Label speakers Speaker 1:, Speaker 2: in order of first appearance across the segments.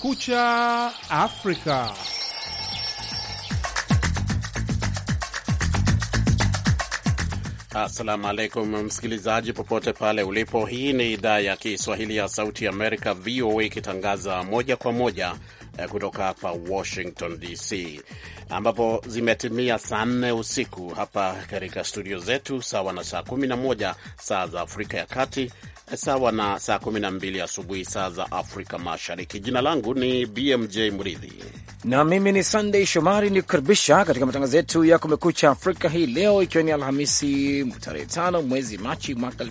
Speaker 1: Kucha Afrika.
Speaker 2: Assalamu alaikum, msikilizaji popote pale ulipo. Hii ni idhaa ya Kiswahili ya Sauti ya Amerika, VOA, ikitangaza moja kwa moja eh, kutoka hapa Washington DC, ambapo zimetimia saa nne usiku hapa katika studio zetu, sawa na saa 11 saa za Afrika ya Kati sawa na saa 12 asubuhi saa za Afrika Mashariki. Jina langu ni BMJ Mridhi
Speaker 3: na mimi ni Sunday Shomari, ni kukaribisha katika matangazo yetu ya Kumekucha Afrika hii leo, ikiwa ni Alhamisi tarehe 5 mwezi Machi mwaka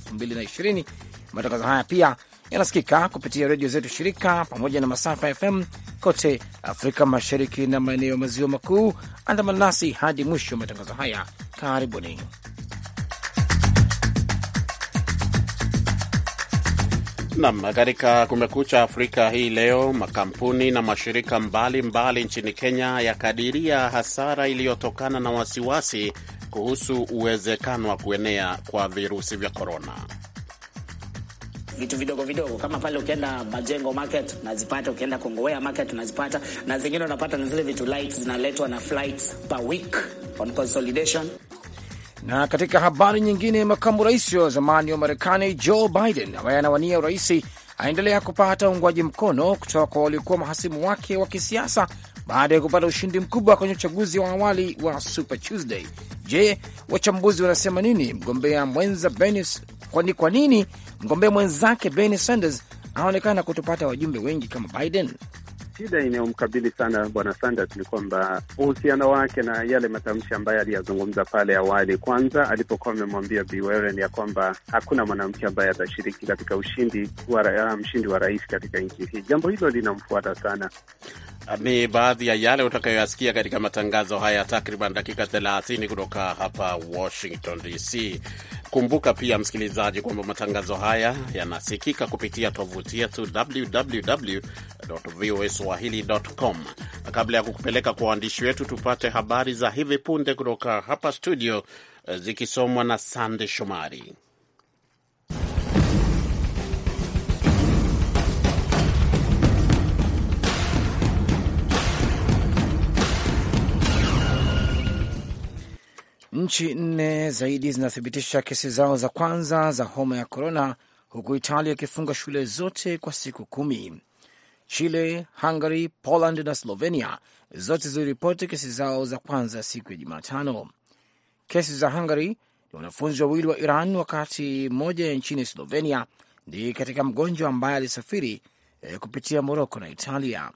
Speaker 3: ishirini. Matangazo haya pia yanasikika kupitia redio zetu shirika pamoja na masafa FM kote Afrika Mashariki na maeneo ya maziwa makuu. Andamana nasi hadi mwisho wa matangazo haya, karibuni.
Speaker 2: Nam, katika Kumekucha Afrika hii leo, makampuni na mashirika mbalimbali mbali nchini Kenya yakadiria hasara iliyotokana na wasiwasi kuhusu uwezekano wa kuenea kwa virusi vya korona.
Speaker 4: Vitu vidogo vidogo kama pale, ukienda Majengo market unazipata, ukienda Kongowea market unazipata, na zingine unapata na zile vitu lights zinaletwa na flights per week on consolidation
Speaker 3: na katika habari nyingine, makamu rais wa zamani wa Marekani Joe Biden ambaye anawania uraisi aendelea kupata uungwaji mkono kutoka kwa waliokuwa mahasimu wake wa kisiasa baada ya kupata ushindi mkubwa kwenye uchaguzi wa awali wa Super Tuesday. Je, wachambuzi wanasema nini? Mgombea mwenza Benis, kwani kwa nini mgombea mwenzake Bernie Sanders anaonekana kutopata wajumbe wengi kama Biden?
Speaker 1: shida inayomkabili sana bwana Sanders ni kwamba uhusiano wake na yale matamshi ambaye aliyazungumza pale awali, kwanza alipokuwa amemwambia Bi Warren ya kwamba hakuna mwanamke ambaye atashiriki katika ushindi wa ah, mshindi wa rais katika nchi hii. Jambo hilo linamfuata
Speaker 2: sana. Ni baadhi ya yale utakayoyasikia katika matangazo haya takriban dakika 30 kutoka hapa Washington DC. Kumbuka pia msikilizaji, kwamba matangazo haya yanasikika kupitia tovuti yetu www voa www.voaswahili.com. Kabla ya kukupeleka kwa waandishi wetu, tupate habari za hivi punde kutoka hapa studio, eh, zikisomwa na Sande Shomari.
Speaker 3: Nchi nne zaidi zinathibitisha kesi zao za kwanza za homa ya korona, huku Italia ikifunga shule zote kwa siku kumi. Chile, Hungary, Poland na Slovenia zote ziliripoti kesi zao za kwanza siku ya Jumatano. Kesi za Hungary ni wanafunzi wawili wa Iran, wakati mmoja ya nchini Slovenia ni katika mgonjwa ambaye alisafiri eh, kupitia Moroko na Italia.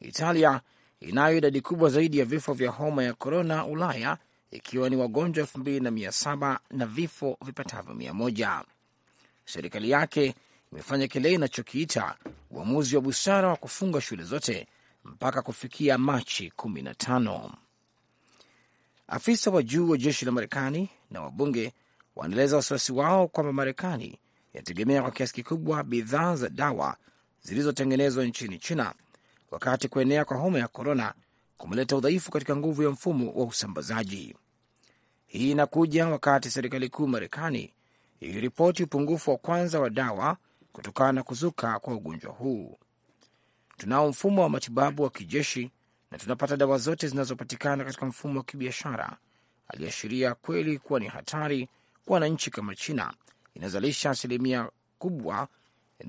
Speaker 3: Italia inayo idadi kubwa zaidi ya vifo vya homa ya korona Ulaya ikiwa ni wagonjwa elfu mbili na mia saba na vifo vipatavyo mia moja. Serikali yake imefanya kile inachokiita uamuzi wa busara wa kufunga shule zote mpaka kufikia Machi 15. Afisa wa juu wa jeshi la Marekani na wabunge wanaeleza wasiwasi wao kwamba Marekani inategemea kwa kiasi kikubwa bidhaa za dawa zilizotengenezwa nchini China wakati kuenea kwa homa ya korona kumeleta udhaifu katika nguvu ya mfumo wa usambazaji. Hii inakuja wakati serikali kuu Marekani iliripoti upungufu wa kwanza wa dawa kutokana na kuzuka kwa ugonjwa huu. Tunao mfumo wa matibabu wa kijeshi na tunapata dawa zote zinazopatikana katika mfumo wa kibiashara, aliashiria kweli kuwa ni hatari kwa wananchi kama China inazalisha asilimia kubwa,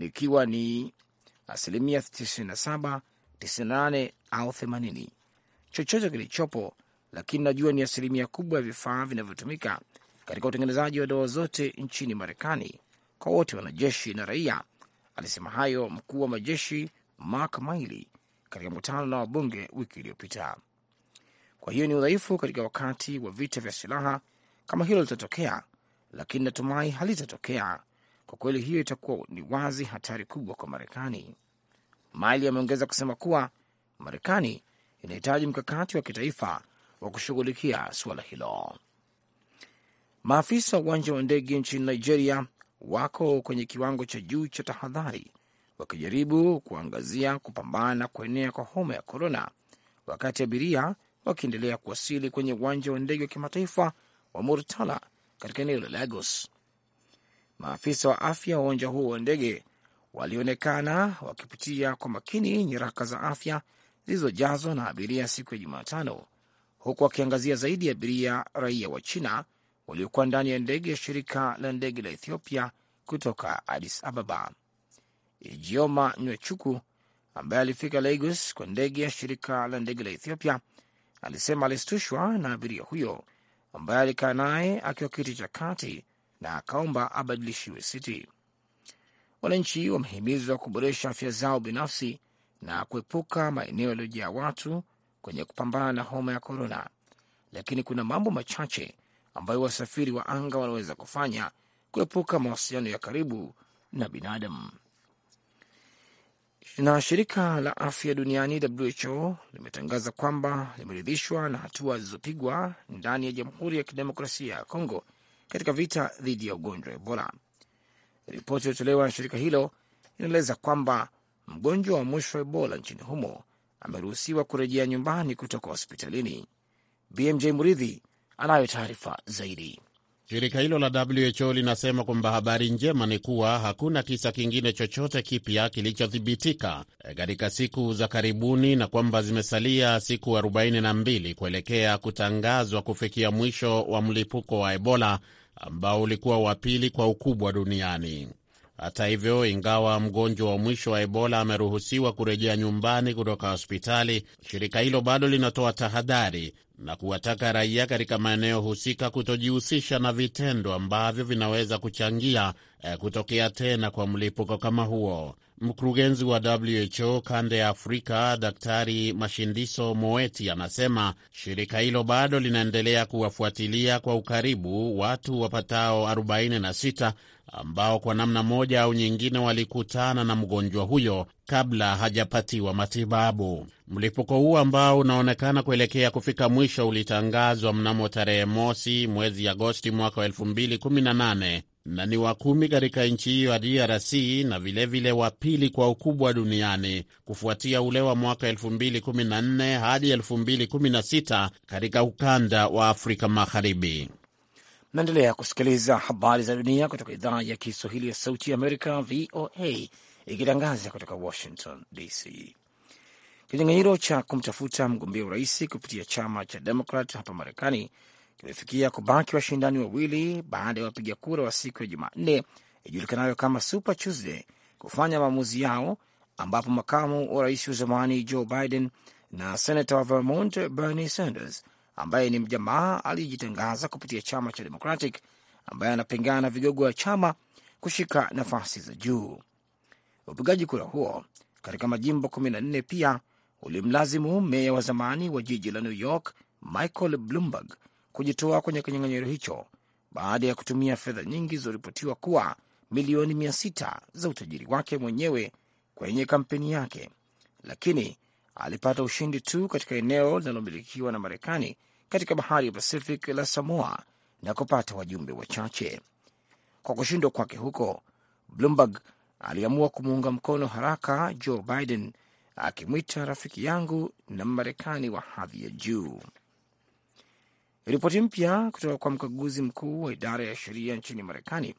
Speaker 3: ikiwa ni asilimia 97, 98 au 80 chochote kilichopo, lakini najua ni asilimia kubwa ya vifaa vinavyotumika katika utengenezaji wa dawa zote nchini Marekani kwa wote wanajeshi na raia. Alisema hayo mkuu wa majeshi Mark Miley katika mkutano na wabunge wiki iliyopita. Kwa hiyo ni udhaifu katika wakati wa vita vya silaha kama hilo litatokea, lakini natumai halitatokea. Kwa kweli, hiyo itakuwa ni wazi hatari kubwa kwa Marekani. Miley ameongeza kusema kuwa Marekani inahitaji mkakati wa kitaifa wa kushughulikia suala hilo. Maafisa wa uwanja wa ndege nchini Nigeria wako kwenye kiwango cha juu cha tahadhari, wakijaribu kuangazia kupambana kuenea kwa homa ya korona, wakati abiria wakiendelea kuwasili kwenye uwanja wa ndege wa kimataifa wa Murtala katika eneo la Lagos. Maafisa wa afya wa uwanja huo wa ndege walionekana wakipitia kwa makini nyaraka za afya zilizojazwa na abiria siku ya Jumatano, huku wakiangazia zaidi abiria raia wa China waliokuwa ndani ya ndege ya shirika la ndege la Ethiopia kutoka Addis Ababa. Ijioma nywechuku ambaye alifika Lagos kwa ndege ya shirika la ndege la Ethiopia alisema alistushwa na abiria huyo ambaye alikaa naye akiwa kiti cha kati na akaomba abadilishiwe siti. Wananchi wamehimizwa kuboresha afya zao binafsi na kuepuka maeneo yaliyojaa watu kwenye kupambana na homa ya korona, lakini kuna mambo machache ambayo wasafiri wa anga wanaweza kufanya kuepuka mawasiliano ya karibu na binadamu. Na shirika la afya duniani WHO limetangaza kwamba limeridhishwa na hatua zilizopigwa ndani ya Jamhuri ya Kidemokrasia ya Kongo katika vita dhidi ya ugonjwa wa Ebola. Ripoti iliyotolewa na shirika hilo inaeleza kwamba mgonjwa wa mwisho wa Ebola nchini humo ameruhusiwa kurejea nyumbani kutoka hospitalini. BMJ Muridhi anayo taarifa zaidi.
Speaker 2: Shirika hilo la WHO linasema kwamba habari njema ni kuwa hakuna kisa kingine chochote kipya kilichothibitika katika siku za karibuni na kwamba zimesalia siku 42 kuelekea kutangazwa kufikia mwisho wa mlipuko wa Ebola ambao ulikuwa wa pili kwa ukubwa duniani. Hata hivyo, ingawa mgonjwa wa mwisho wa Ebola ameruhusiwa kurejea nyumbani kutoka hospitali, shirika hilo bado linatoa tahadhari na kuwataka raia katika maeneo husika kutojihusisha na vitendo ambavyo vinaweza kuchangia eh, kutokea tena kwa mlipuko kama huo. Mkurugenzi wa WHO kanda ya Afrika, Daktari Mashindiso Moeti, anasema shirika hilo bado linaendelea kuwafuatilia kwa ukaribu watu wapatao 46 ambao kwa namna moja au nyingine walikutana na mgonjwa huyo kabla hajapatiwa matibabu. Mlipuko huu ambao unaonekana kuelekea kufika mwisho ulitangazwa mnamo tarehe mosi mwezi Agosti mwaka wa na ni wa kumi katika nchi hiyo ya DRC na vilevile wa pili kwa ukubwa duniani kufuatia ule wa mwaka 2014 hadi 2016 katika ukanda wa Afrika Magharibi.
Speaker 3: Naendelea kusikiliza habari za dunia kutoka idhaa ya Kiswahili ya Sauti ya Amerika, VOA, ikitangaza kutoka Washington DC. Kinyanganyiro cha kumtafuta mgombea urais kupitia chama cha Demokrat hapa Marekani kimefikia kubaki washindani wawili baada ya wapiga kura wa siku ya Jumanne ijulikanayo kama Super Tuesday kufanya maamuzi yao, ambapo makamu wa rais wa zamani Joe Biden na senata wa Vermont Bernie Sanders ambaye ni mjamaa aliyejitangaza kupitia chama cha Democratic ambaye anapingana na vigogo wa chama kushika nafasi za juu. Upigaji kura huo katika majimbo 14 pia ulimlazimu meya wa zamani wa jiji la New York Michael Bloomberg kujitoa kwenye kinyang'anyiro hicho baada ya kutumia fedha nyingi zilizoripotiwa kuwa milioni 6 za utajiri wake mwenyewe kwenye kampeni yake, lakini alipata ushindi tu katika eneo linalomilikiwa na Marekani katika bahari ya Pacific la Samoa na kupata wajumbe wachache. Kwa kushindwa kwake huko, Bloomberg aliamua kumuunga mkono haraka Joe Biden, akimwita rafiki yangu na Mmarekani wa hadhi ya juu. Ripoti mpya kutoka kwa mkaguzi mkuu wa idara ya sheria nchini Marekani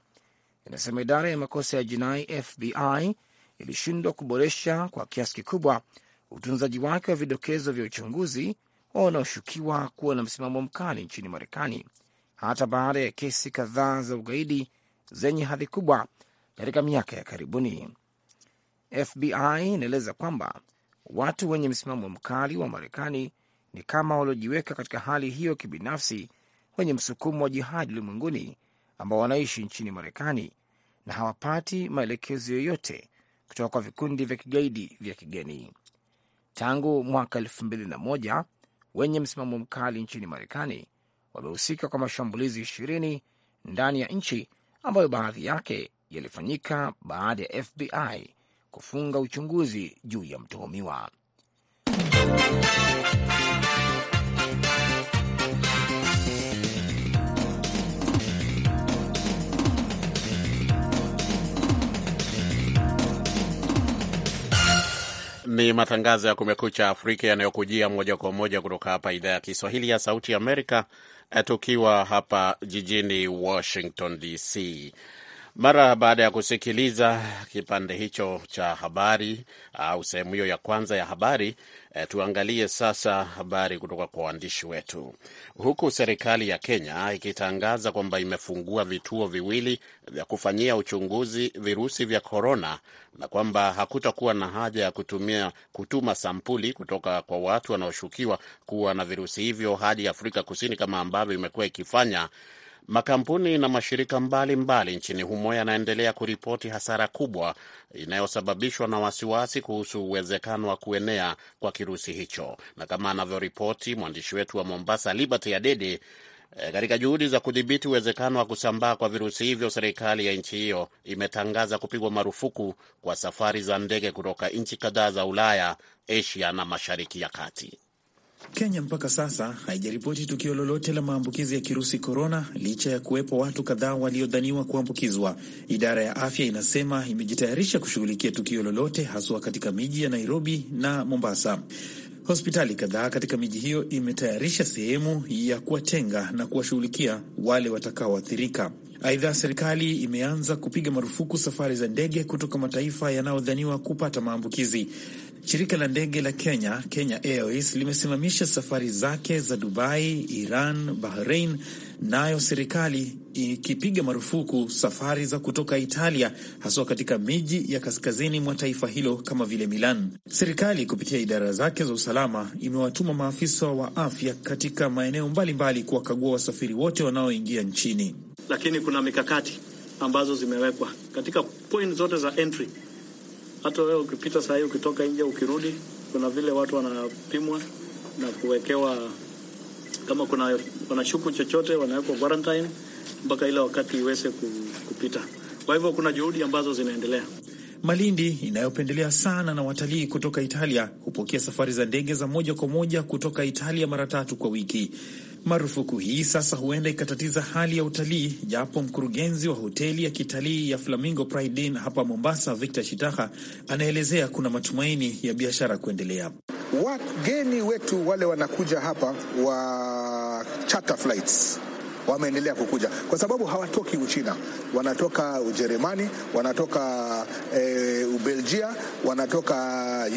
Speaker 3: inasema idara ya makosa ya jinai FBI ilishindwa kuboresha kwa kiasi kikubwa utunzaji wake wa vidokezo vya uchunguzi wa wanaoshukiwa kuwa na msimamo mkali nchini Marekani, hata baada ya kesi kadhaa za ugaidi zenye hadhi kubwa katika miaka ya karibuni. FBI inaeleza kwamba watu wenye msimamo mkali wa Marekani ni kama waliojiweka katika hali hiyo kibinafsi, wenye msukumo wa jihadi ulimwenguni, ambao wanaishi nchini Marekani na hawapati maelekezo yoyote kutoka kwa vikundi vya kigaidi vya kigeni tangu mwaka elfu mbili na moja wenye msimamo mkali nchini Marekani wamehusika kwa mashambulizi ishirini ndani ya nchi ambayo baadhi yake yalifanyika baada ya FBI kufunga uchunguzi juu ya mtuhumiwa.
Speaker 2: Ni matangazo ya Kumekucha Afrika yanayokujia moja kwa moja kutoka hapa idhaa ya Kiswahili ya Sauti ya Amerika, eh, tukiwa hapa jijini Washington DC. Mara baada ya kusikiliza kipande hicho cha habari au sehemu hiyo ya kwanza ya habari, E, tuangalie sasa habari kutoka kwa waandishi wetu. Huku serikali ya Kenya ikitangaza kwamba imefungua vituo viwili vya kufanyia uchunguzi virusi vya korona na kwamba hakutakuwa na haja ya kutumia kutuma sampuli kutoka kwa watu wanaoshukiwa kuwa na virusi hivyo hadi Afrika Kusini kama ambavyo imekuwa ikifanya. Makampuni na mashirika mbalimbali mbali nchini humo yanaendelea kuripoti hasara kubwa inayosababishwa na wasiwasi kuhusu uwezekano wa kuenea kwa kirusi hicho, na kama anavyoripoti mwandishi wetu wa Mombasa, Liberty Adede. Eh, katika juhudi za kudhibiti uwezekano wa kusambaa kwa virusi hivyo, serikali ya nchi hiyo imetangaza kupigwa marufuku kwa safari za ndege kutoka nchi kadhaa za Ulaya, Asia na Mashariki ya Kati.
Speaker 5: Kenya mpaka sasa haijaripoti tukio lolote la maambukizi ya kirusi korona, licha ya kuwepo watu kadhaa waliodhaniwa kuambukizwa. Idara ya afya inasema imejitayarisha kushughulikia tukio lolote, haswa katika miji ya Nairobi na Mombasa. Hospitali kadhaa katika miji hiyo imetayarisha sehemu ya kuwatenga na kuwashughulikia wale watakaoathirika. Aidha, serikali imeanza kupiga marufuku safari za ndege kutoka mataifa yanayodhaniwa kupata maambukizi. Shirika la ndege la Kenya, Kenya Airways, limesimamisha safari zake za Dubai, Iran, Bahrain, nayo serikali ikipiga marufuku safari za kutoka Italia, haswa katika miji ya kaskazini mwa taifa hilo kama vile Milan. Serikali kupitia idara zake za usalama imewatuma maafisa wa afya katika maeneo mbalimbali kuwakagua wasafiri wote wanaoingia nchini, lakini kuna mikakati ambazo zimewekwa katika point zote za entry hata wewe ukipita saa hii, ukitoka nje, ukirudi, kuna vile watu wanapimwa na kuwekewa, kama kuna wanashuku chochote, wanawekwa quarantine mpaka ile wakati iweze kupita. Kwa hivyo kuna juhudi ambazo zinaendelea. Malindi inayopendelea sana na watalii kutoka Italia hupokea safari za ndege za moja kwa moja kutoka Italia mara tatu kwa wiki. Marufuku hii sasa huenda ikatatiza hali ya utalii, japo mkurugenzi wa hoteli ya kitalii ya Flamingo Pride Inn hapa Mombasa, Victor Shitaha, anaelezea kuna matumaini ya biashara kuendelea.
Speaker 1: Wageni wetu wale wanakuja hapa wa charter flights wameendelea kukuja kwa sababu hawatoki Uchina, wanatoka Ujerumani, wanatoka e, Ubelgia, wanatoka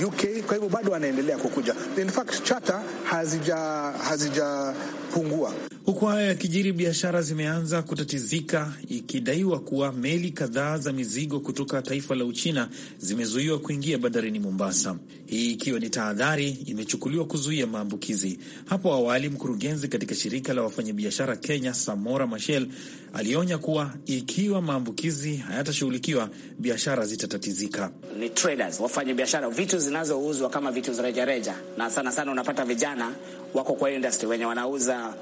Speaker 1: UK. Kwa hivyo bado wanaendelea kukuja. In fact, chata hazijapungua hazija
Speaker 5: Huku haya yakijiri, biashara zimeanza kutatizika, ikidaiwa kuwa meli kadhaa za mizigo kutoka taifa la Uchina zimezuiwa kuingia bandarini Mombasa, hii ikiwa ni tahadhari imechukuliwa kuzuia maambukizi. Hapo awali, mkurugenzi katika shirika la wafanyabiashara Kenya, Samora Machel, alionya kuwa ikiwa maambukizi hayatashughulikiwa,
Speaker 4: biashara zitatatizika. Ni traders, wafanyabiashara, vitu zinazouzwa kama vitu za rejareja, na sana sana unapata vijana wako kwa industry wenye wanauza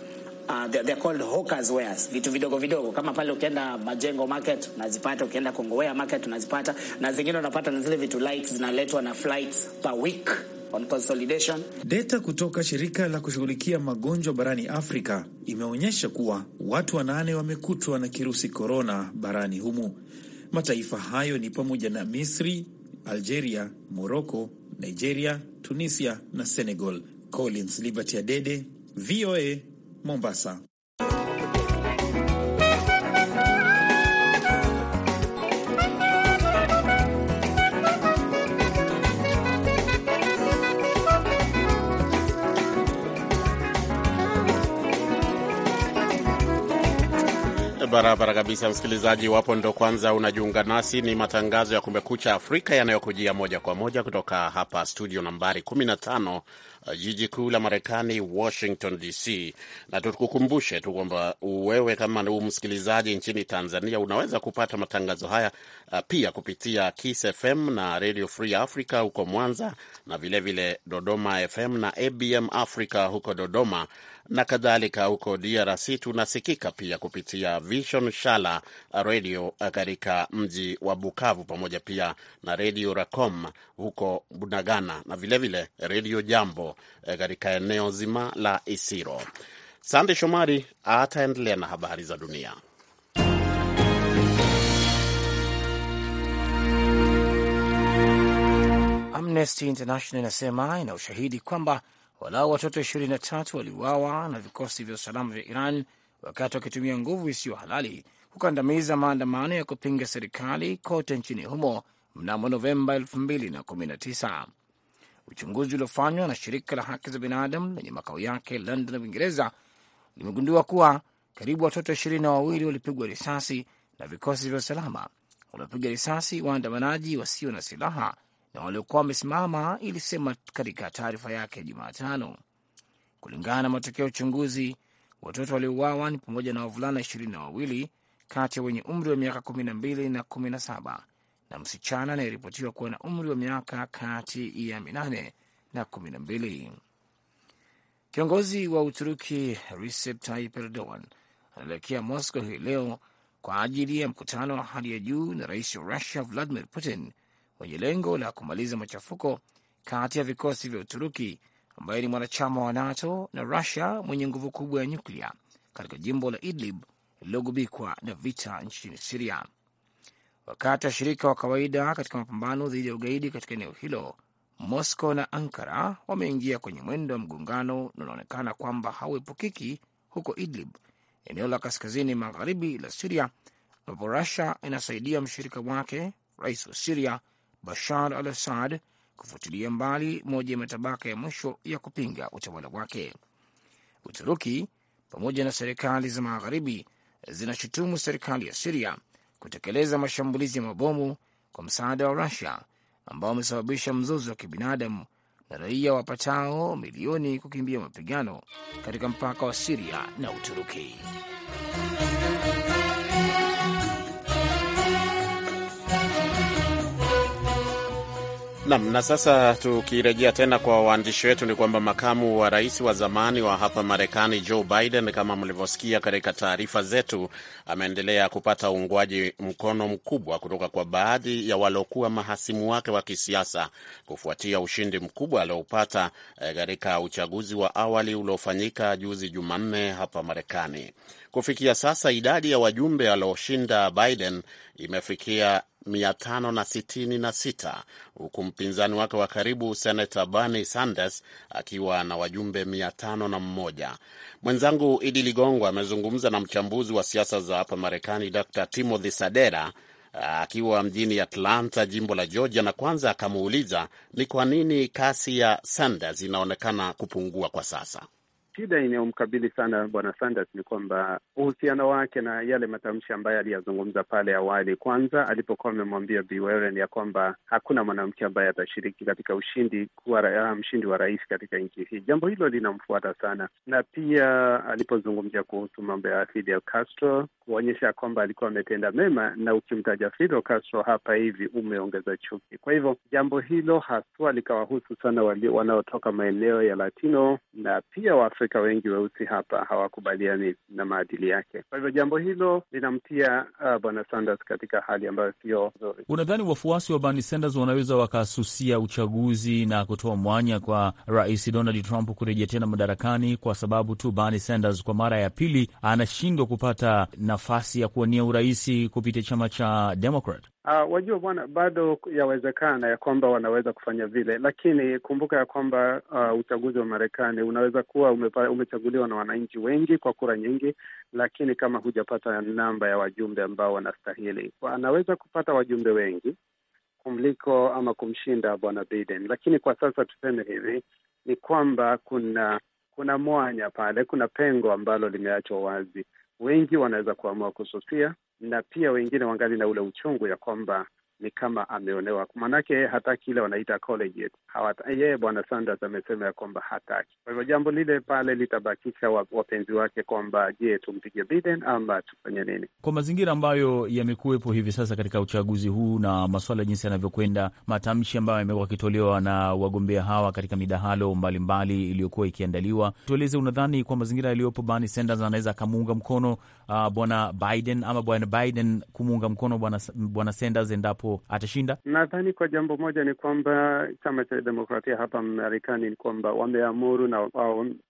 Speaker 4: uh, they, are called hawkers wares, vitu vidogo vidogo kama pale ukienda Majengo market unazipata, ukienda Kongowea market unazipata, na zingine unapata na zile vitu lights zinaletwa na flights per week on consolidation.
Speaker 5: Data kutoka shirika la kushughulikia magonjwa barani Afrika imeonyesha kuwa watu wanane wamekutwa na kirusi korona barani humu. Mataifa hayo ni pamoja na Misri, Algeria, Morocco, Nigeria, Tunisia na Senegal. Collins Liberty Adede, VOA Mon bassin.
Speaker 2: barabara kabisa, msikilizaji wapo ndo kwanza unajiunga nasi, ni matangazo ya Kumekucha Afrika yanayokujia moja kwa moja kutoka hapa studio nambari 15 eh, jiji kuu la Marekani, Washington DC. Na tukukumbushe tu kwamba wewe kama u msikilizaji nchini Tanzania unaweza kupata matangazo haya eh, pia kupitia Kiss FM na Radio Free Africa huko Mwanza, na vilevile vile Dodoma FM na ABM Africa huko Dodoma na kadhalika. Huko DRC tunasikika pia kupitia Vision Shala redio katika mji wa Bukavu, pamoja pia na redio Racom huko Bunagana na vilevile redio Jambo eh, katika eneo zima la Isiro. Sande Shomari ataendelea na habari za dunia.
Speaker 3: Amnesty International inasema ina ushahidi kwamba walau watoto 23 waliuawa na vikosi vya usalama vya Iran wakati wakitumia nguvu isiyo halali kukandamiza maandamano ya kupinga serikali kote nchini humo mnamo Novemba 2019. Uchunguzi uliofanywa na shirika la haki za binadamu lenye makao yake London, Uingereza, limegundua kuwa karibu watoto ishirini na wawili walipigwa risasi na vikosi vya usalama waliopiga risasi waandamanaji wasio na silaha na waliokuwa wamesimama, ilisema katika taarifa yake Jumatano. Kulingana na matokeo ya uchunguzi, watoto waliouawa ni pamoja na wavulana ishirini na wawili kati ya wenye umri wa miaka kumi na mbili na kumi na saba na msichana anayeripotiwa kuwa na umri wa miaka kati ya minane na kumi na mbili. Kiongozi wa Uturuki Recep Tayyip Erdogan anaelekea Moscow hii leo kwa ajili ya mkutano wa hali ya juu na rais wa Russia Vladimir Putin wenye lengo la kumaliza machafuko kati ya vikosi vya Uturuki ambaye ni mwanachama wa NATO na Rusia mwenye nguvu kubwa ya nyuklia katika jimbo la Idlib lililogubikwa na vita nchini Siria. Wakati washirika wa kawaida katika mapambano dhidi ya ugaidi katika eneo hilo, Moscow na Ankara wameingia kwenye mwendo wa mgongano na unaonekana kwamba hauepukiki huko Idlib, eneo la kaskazini magharibi la Siria, ambapo Rusia inasaidia mshirika wake, rais wa Siria Bashar al Assad kufutilia mbali moja ya matabaka ya mwisho ya kupinga utawala wake. Uturuki pamoja na serikali za magharibi zinashutumu serikali ya Siria kutekeleza mashambulizi ya mabomu kwa msaada wa Rusia ambao wamesababisha mzozo wa kibinadamu na raia wapatao milioni kukimbia mapigano katika mpaka wa Siria na Uturuki.
Speaker 2: Nam. Na sasa tukirejea tena kwa waandishi wetu, ni kwamba makamu wa rais wa zamani wa hapa Marekani Joe Biden, kama mlivyosikia katika taarifa zetu, ameendelea kupata uungwaji mkono mkubwa kutoka kwa baadhi ya waliokuwa mahasimu wake wa kisiasa kufuatia ushindi mkubwa alioupata eh, katika uchaguzi wa awali uliofanyika juzi Jumanne hapa Marekani. Kufikia sasa idadi ya wajumbe walioshinda Biden imefikia 566 huku mpinzani wake wa karibu senata Bernie Sanders akiwa na wajumbe 501. Mwenzangu Idi Ligongo amezungumza na mchambuzi wa siasa za hapa Marekani Dr Timothy Sadera akiwa mjini Atlanta, jimbo la Georgia, na kwanza akamuuliza ni kwa nini kasi ya Sanders inaonekana kupungua kwa sasa
Speaker 1: shida inayomkabili sana bwana Sanders ni kwamba uhusiano wake na yale matamshi ambaye aliyazungumza pale awali, kwanza alipokuwa amemwambia Bi Warren ya kwamba hakuna mwanamke ambaye atashiriki katika ushindi kuwa ra ah, mshindi wa rais katika nchi hii. Jambo hilo linamfuata sana, na pia alipozungumzia kuhusu mambo ya Fidel Castro, kuonyesha kwamba alikuwa ametenda mema, na ukimtaja Fidel Castro hapa hivi umeongeza chuki. Kwa hivyo jambo hilo haswa likawahusu sana wanaotoka maeneo ya Latino na pia wa Waafrika wengi weusi hapa hawakubaliani na maadili yake. Kwa hivyo jambo hilo linamtia uh, bwana Sanders katika hali ambayo sio nzuri.
Speaker 6: Unadhani wafuasi wa Bernie Sanders wanaweza wakasusia uchaguzi na kutoa mwanya kwa Rais Donald Trump kurejea tena madarakani kwa sababu tu Bernie Sanders kwa mara ya pili anashindwa kupata nafasi ya kuwania uraisi kupitia chama cha Democrat? Uh,
Speaker 1: wajua bwana, bado yawezekana ya kwamba wanaweza kufanya vile, lakini kumbuka ya kwamba uh, uchaguzi wa Marekani unaweza kuwa umepa, umechaguliwa na wananchi wengi kwa kura nyingi, lakini kama hujapata namba ya wajumbe ambao wanastahili, anaweza kupata wajumbe wengi kumliko ama kumshinda bwana Biden. Lakini kwa sasa tuseme hivi ni kwamba kuna kuna mwanya pale, kuna pengo ambalo limeachwa wazi, wengi wanaweza kuamua kususia na pia wengine wangali na ule uchungu ya kwamba ni kama ameonewa, maanake hataki ile wanaita college yeye Bwana Sanders amesema ya kwamba hataki. Kwa hivyo jambo lile pale litabakisha wapenzi wake kwamba, je, tumpige Biden ama tufanye nini?
Speaker 6: Kwa mazingira ambayo yamekuwepo hivi sasa katika uchaguzi huu na maswala jinsi yanavyokwenda, matamshi ambayo yamekuwa akitolewa na wagombea hawa katika midahalo mbalimbali iliyokuwa ikiandaliwa, tueleze, unadhani kwa mazingira yaliyopo Bernie Sanders anaweza akamuunga mkono uh, Bwana Biden ama Bwana Biden kumuunga mkono Bwana Sanders endapo atashinda?
Speaker 1: Nadhani kwa jambo moja ni kwamba chama cha demokrasia hapa Marekani ni kwamba wameamuru na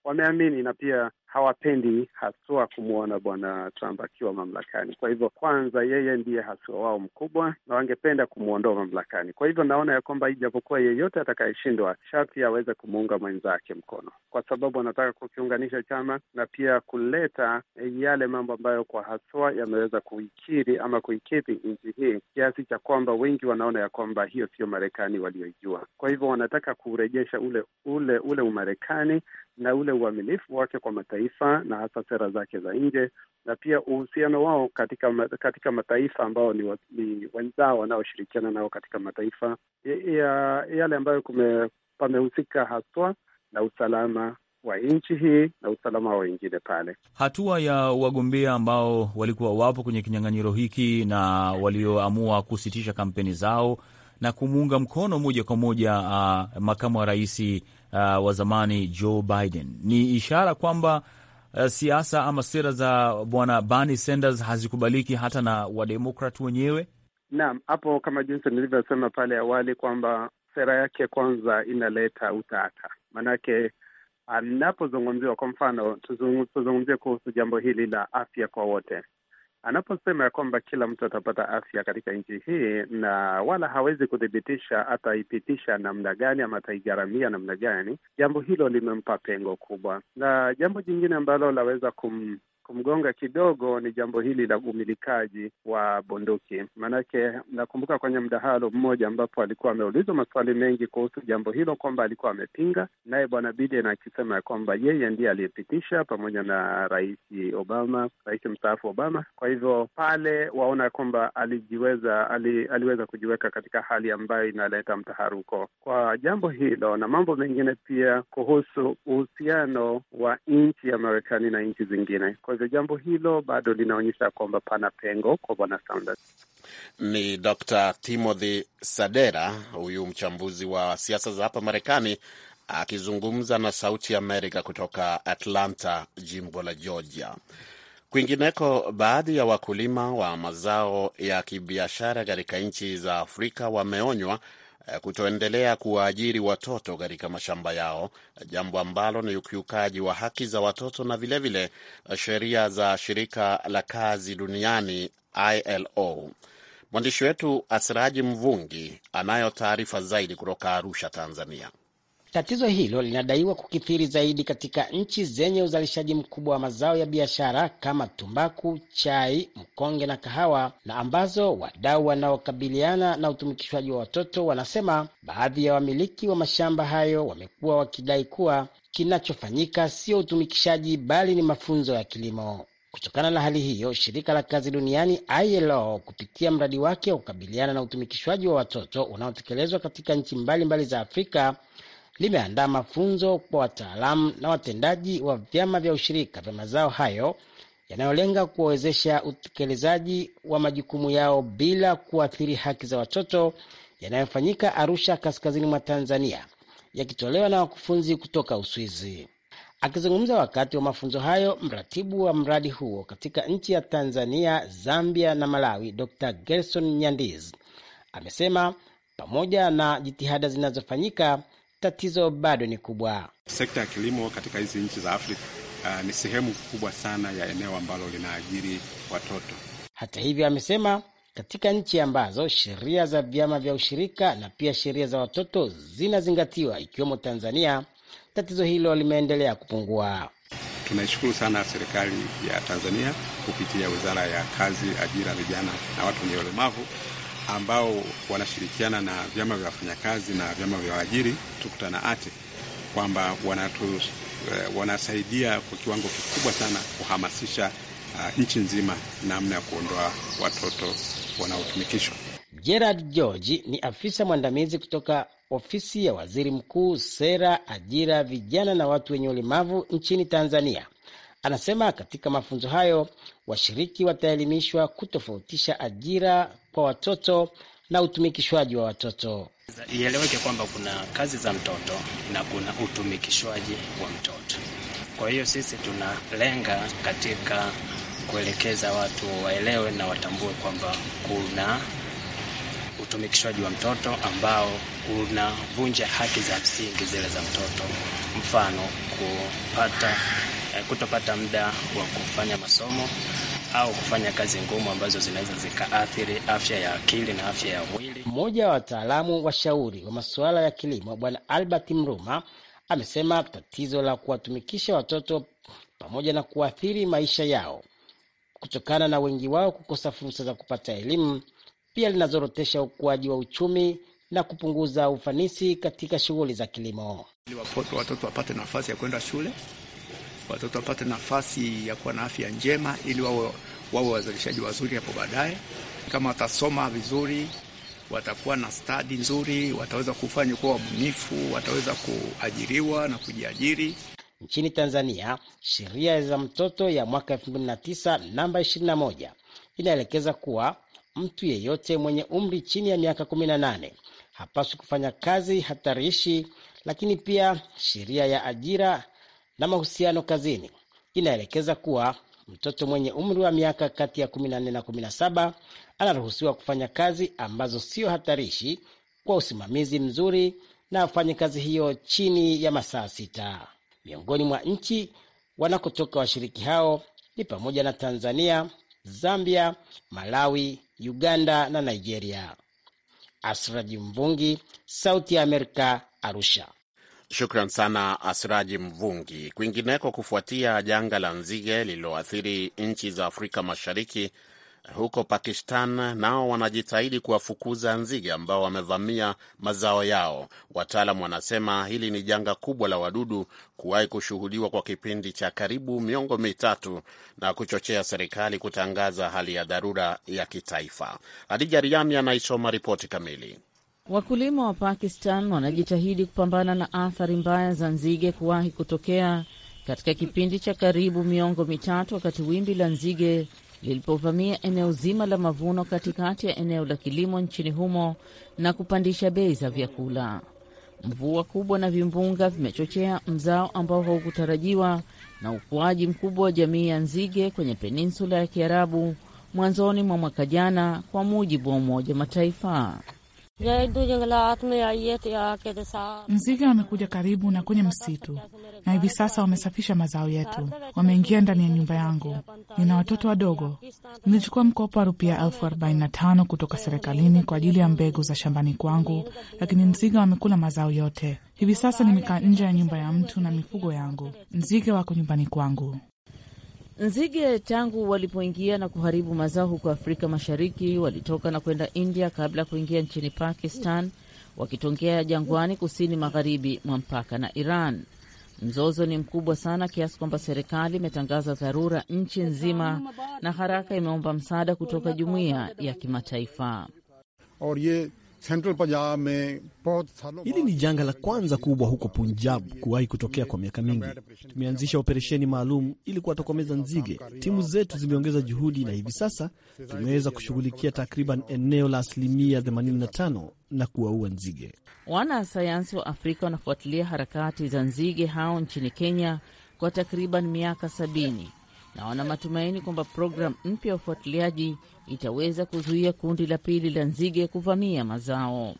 Speaker 1: wameamini na pia hawapendi haswa kumwona bwana Trump akiwa mamlakani. Kwa hivyo, kwanza yeye ndiye haswa wao mkubwa na wangependa kumwondoa mamlakani. Kwa hivyo, naona ya kwamba ijapokuwa yeyote atakayeshindwa sharti aweze kumuunga mwenzake mkono, kwa sababu anataka kukiunganisha chama na pia kuleta yale mambo ambayo kwa haswa yameweza kuikiri ama kuikidhi nchi hii kiasi cha kwamba wengi wanaona ya kwamba hiyo sio Marekani walioijua. Kwa hivyo, wanataka kurejesha ule ule ule Umarekani na ule uaminifu wake kwa mataifa na hasa sera zake za nje, na pia uhusiano wao katika katika mataifa ambao ni, ni wenzao wanaoshirikiana nao katika mataifa ya yale ambayo kume, pamehusika haswa na usalama wa nchi hii na usalama wa wengine pale.
Speaker 6: Hatua ya wagombea ambao walikuwa wapo kwenye kinyang'anyiro hiki na walioamua kusitisha kampeni zao na kumuunga mkono moja kwa moja uh, makamu wa rais uh, wa zamani Joe Biden. Ni ishara kwamba uh, siasa ama sera za bwana Bernie Sanders hazikubaliki hata na wademokrat wenyewe.
Speaker 1: Naam, hapo kama jinsi nilivyosema pale awali kwamba sera yake kwanza inaleta utata, maanake anapozungumziwa, uh, kwa mfano tuzungumzie kuhusu jambo hili la afya kwa wote anaposema ya kwamba kila mtu atapata afya katika nchi hii, na wala hawezi kuthibitisha ataipitisha namna gani ama ataigharamia namna gani, jambo hilo limempa pengo kubwa. Na jambo jingine ambalo laweza kum kumgonga kidogo ni jambo hili la umilikaji wa bunduki. Maanake nakumbuka kwenye mdahalo mmoja ambapo alikuwa ameulizwa maswali mengi kuhusu jambo hilo, kwamba alikuwa amepinga, naye bwana Biden akisema ya kwamba yeye ndiye aliyepitisha pamoja na rais Obama, rais mstaafu Obama. Kwa hivyo pale waona kwamba alijiweza ali, aliweza kujiweka katika hali ambayo inaleta mtaharuko kwa jambo hilo na mambo mengine pia kuhusu uhusiano wa nchi ya Marekani na nchi zingine kwa kwa hivyo jambo hilo bado linaonyesha kwamba pana pengo kwa bwana Sanders.
Speaker 2: Ni Dr. Timothy Sadera, huyu mchambuzi wa siasa za hapa Marekani akizungumza na Sauti ya Amerika kutoka Atlanta, jimbo la Georgia. Kwingineko, baadhi ya wakulima wa mazao ya kibiashara katika nchi za Afrika wameonywa Eh, kutoendelea kuwaajiri watoto katika mashamba yao, jambo ambalo ni ukiukaji wa haki za watoto na vilevile eh, sheria za shirika la kazi duniani ILO. Mwandishi wetu Asiraji Mvungi anayo taarifa zaidi kutoka Arusha, Tanzania.
Speaker 4: Tatizo hilo linadaiwa kukithiri zaidi katika nchi zenye uzalishaji mkubwa wa mazao ya biashara kama tumbaku, chai, mkonge na kahawa, na ambazo wadau wanaokabiliana na utumikishwaji wa watoto wanasema baadhi ya wamiliki wa mashamba hayo wamekuwa wakidai kuwa kinachofanyika sio utumikishaji bali ni mafunzo ya kilimo. Kutokana na hali hiyo, shirika la kazi duniani ILO kupitia mradi wake wa kukabiliana na utumikishwaji wa watoto unaotekelezwa katika nchi mbalimbali za Afrika limeandaa mafunzo kwa wataalamu na watendaji wa vyama vya ushirika vya mazao hayo yanayolenga kuwawezesha utekelezaji wa majukumu yao bila kuathiri haki za watoto yanayofanyika Arusha, kaskazini mwa Tanzania, yakitolewa na wakufunzi kutoka Uswizi. Akizungumza wakati wa mafunzo hayo, mratibu wa mradi huo katika nchi ya Tanzania, Zambia na Malawi, Dr Gerson Nyandiz amesema pamoja na jitihada zinazofanyika tatizo bado ni kubwa.
Speaker 1: Sekta ya kilimo katika hizi nchi za Afrika uh, ni sehemu kubwa sana ya eneo ambalo linaajiri watoto.
Speaker 4: Hata hivyo, amesema katika nchi ambazo sheria za vyama vya ushirika na pia sheria za watoto zinazingatiwa ikiwemo Tanzania, tatizo hilo limeendelea kupungua.
Speaker 1: Tunaishukuru sana serikali ya Tanzania kupitia Wizara ya Kazi, Ajira, Vijana na Watu wenye Ulemavu ambao wanashirikiana na vyama vya wafanyakazi na vyama vya waajiri, tukutana ate kwamba wanatu, eh, wanasaidia kwa kiwango kikubwa sana kuhamasisha uh, nchi nzima namna ya kuondoa watoto wanaotumikishwa.
Speaker 4: Gerard George ni afisa mwandamizi kutoka ofisi ya waziri mkuu, sera, ajira, vijana na watu wenye ulemavu nchini Tanzania. Anasema katika mafunzo hayo washiriki wataelimishwa kutofautisha ajira kwa watoto na utumikishwaji wa watoto. Ieleweke kwamba kuna kazi za mtoto na kuna utumikishwaji wa mtoto. Kwa hiyo sisi tunalenga katika kuelekeza watu waelewe na watambue kwamba kuna utumikishwaji wa mtoto ambao unavunja haki za msingi zile za mtoto, mfano kupata eh, kutopata muda wa kufanya masomo au kufanya kazi ngumu ambazo zinaweza zikaathiri afya ya akili na afya ya mwili. Mmoja wa wataalamu washauri wa masuala ya kilimo Bwana Albert Mruma amesema tatizo la kuwatumikisha watoto pamoja na kuathiri maisha yao kutokana na wengi wao kukosa fursa za kupata elimu pia linazorotesha ukuaji wa uchumi na kupunguza ufanisi katika shughuli za kilimo.
Speaker 3: Ili
Speaker 2: watoto wapate nafasi ya kwenda shule watoto wapate nafasi ya kuwa na afya njema, ili wawe wawe wazalishaji wazuri hapo baadaye. Kama watasoma vizuri, watakuwa na stadi nzuri, wataweza kufanya kuwa wabunifu, wataweza kuajiriwa
Speaker 4: na
Speaker 1: kujiajiri.
Speaker 4: Nchini Tanzania, sheria za mtoto ya mwaka 2009 namba 21 inaelekeza kuwa mtu yeyote mwenye umri chini ya miaka 18 hapaswi kufanya kazi hatarishi. Lakini pia sheria ya ajira na mahusiano kazini inaelekeza kuwa mtoto mwenye umri wa miaka kati ya 14 na 17 anaruhusiwa kufanya kazi ambazo sio hatarishi kwa usimamizi mzuri na afanye kazi hiyo chini ya masaa sita. Miongoni mwa nchi wanakotoka washiriki hao ni pamoja na Tanzania, Zambia, Malawi, Uganda na Nigeria. Asraji Mvungi, Sauti ya Amerika, Arusha.
Speaker 2: Shukran sana Asraji Mvungi. Kwingineko, kufuatia janga la nzige lililoathiri nchi za Afrika Mashariki, huko Pakistan nao wanajitahidi kuwafukuza nzige ambao wamevamia mazao yao. Wataalam wanasema hili ni janga kubwa la wadudu kuwahi kushuhudiwa kwa kipindi cha karibu miongo mitatu na kuchochea serikali kutangaza hali ya dharura ya kitaifa. Hadija Riami anaisoma ripoti kamili.
Speaker 7: Wakulima wa Pakistan wanajitahidi kupambana na athari mbaya za nzige kuwahi kutokea katika kipindi cha karibu miongo mitatu, wakati wimbi la nzige lilipovamia eneo zima la mavuno katikati ya eneo la kilimo nchini humo na kupandisha bei za vyakula. Mvua kubwa na vimbunga vimechochea mzao ambao haukutarajiwa na ukuaji mkubwa wa jamii ya nzige kwenye peninsula ya Kiarabu mwanzoni mwa mwaka jana, kwa mujibu wa Umoja Mataifa. Nzige wamekuja karibu na kwenye msitu, na hivi sasa wamesafisha mazao yetu. Wameingia ndani ya nyumba yangu, nina watoto wadogo. Nilichukua mkopo wa rupia elfu arobaini na tano kutoka serikalini kwa ajili ya mbegu za shambani kwangu, lakini nzige wamekula mazao yote. Hivi sasa nimekaa nje ya nyumba ya mtu na mifugo yangu. Nzige wako nyumbani kwangu. Nzige tangu walipoingia na kuharibu mazao huko Afrika Mashariki walitoka na kwenda India kabla ya kuingia nchini Pakistan, wakitongea jangwani kusini magharibi mwa mpaka na Iran. Mzozo ni mkubwa sana kiasi kwamba serikali imetangaza dharura nchi nzima na haraka imeomba msaada kutoka jumuiya ya kimataifa
Speaker 5: hili ni janga la kwanza kubwa huko Punjab kuwahi kutokea kwa miaka mingi. Tumeanzisha operesheni maalum ili kuwatokomeza nzige. Timu zetu zimeongeza juhudi na hivi sasa tumeweza kushughulikia takriban eneo la asilimia
Speaker 2: 85 na kuwaua nzige.
Speaker 7: Wanasayansi wa Afrika wanafuatilia harakati za nzige hao nchini Kenya kwa takriban miaka sabini na wana matumaini kwamba programu mpya ya ufuatiliaji itaweza kuzuia kundi la pili la nzige kuvamia mazao.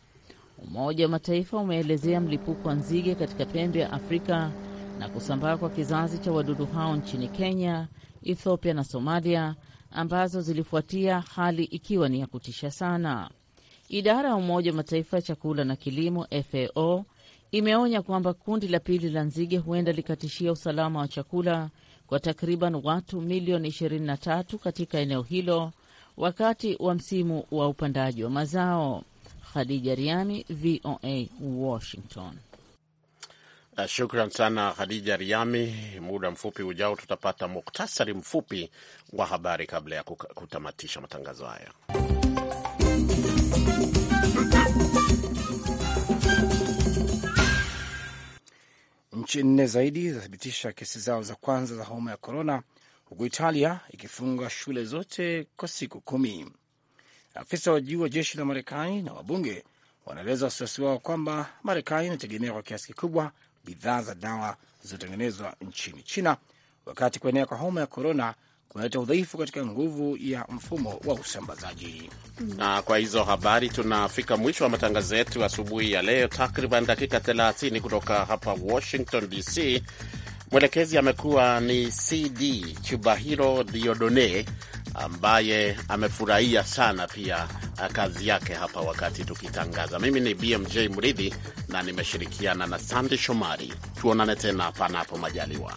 Speaker 7: Umoja wa Mataifa umeelezea mlipuko wa nzige katika pembe ya Afrika na kusambaa kwa kizazi cha wadudu hao nchini Kenya, Ethiopia na Somalia, ambazo zilifuatia hali ikiwa ni ya kutisha sana. Idara ya Umoja wa Mataifa ya chakula na kilimo FAO imeonya kwamba kundi la pili la nzige huenda likatishia usalama wa chakula kwa takriban watu milioni 23 katika eneo hilo wakati wa msimu wa upandaji wa mazao. Khadija Riami, VOA, Washington.
Speaker 2: Shukran sana Khadija Riami. Muda mfupi ujao tutapata muktasari mfupi wa habari kabla ya kutamatisha matangazo haya.
Speaker 3: Nchi nne zaidi zinathibitisha kesi zao za kwanza za homa ya korona huku Italia ikifunga shule zote kwa siku kumi. Afisa wa juu wa jeshi la Marekani na wabunge wanaeleza wasiwasi wao kwamba Marekani inategemea kwa kiasi kikubwa bidhaa za dawa zilizotengenezwa nchini China, wakati kuenea kwa homa ya korona kunaleta udhaifu katika nguvu ya mfumo wa usambazaji.
Speaker 2: Na kwa hizo habari, tunafika mwisho wa matangazo yetu asubuhi ya leo, takriban dakika 30 kutoka hapa Washington DC. Mwelekezi amekuwa ni CD Chubahiro Diodone ambaye amefurahia sana pia uh, kazi yake hapa wakati tukitangaza. Mimi ni BMJ Mridhi na nimeshirikiana na Sandi Shomari. Tuonane tena panapo majaliwa.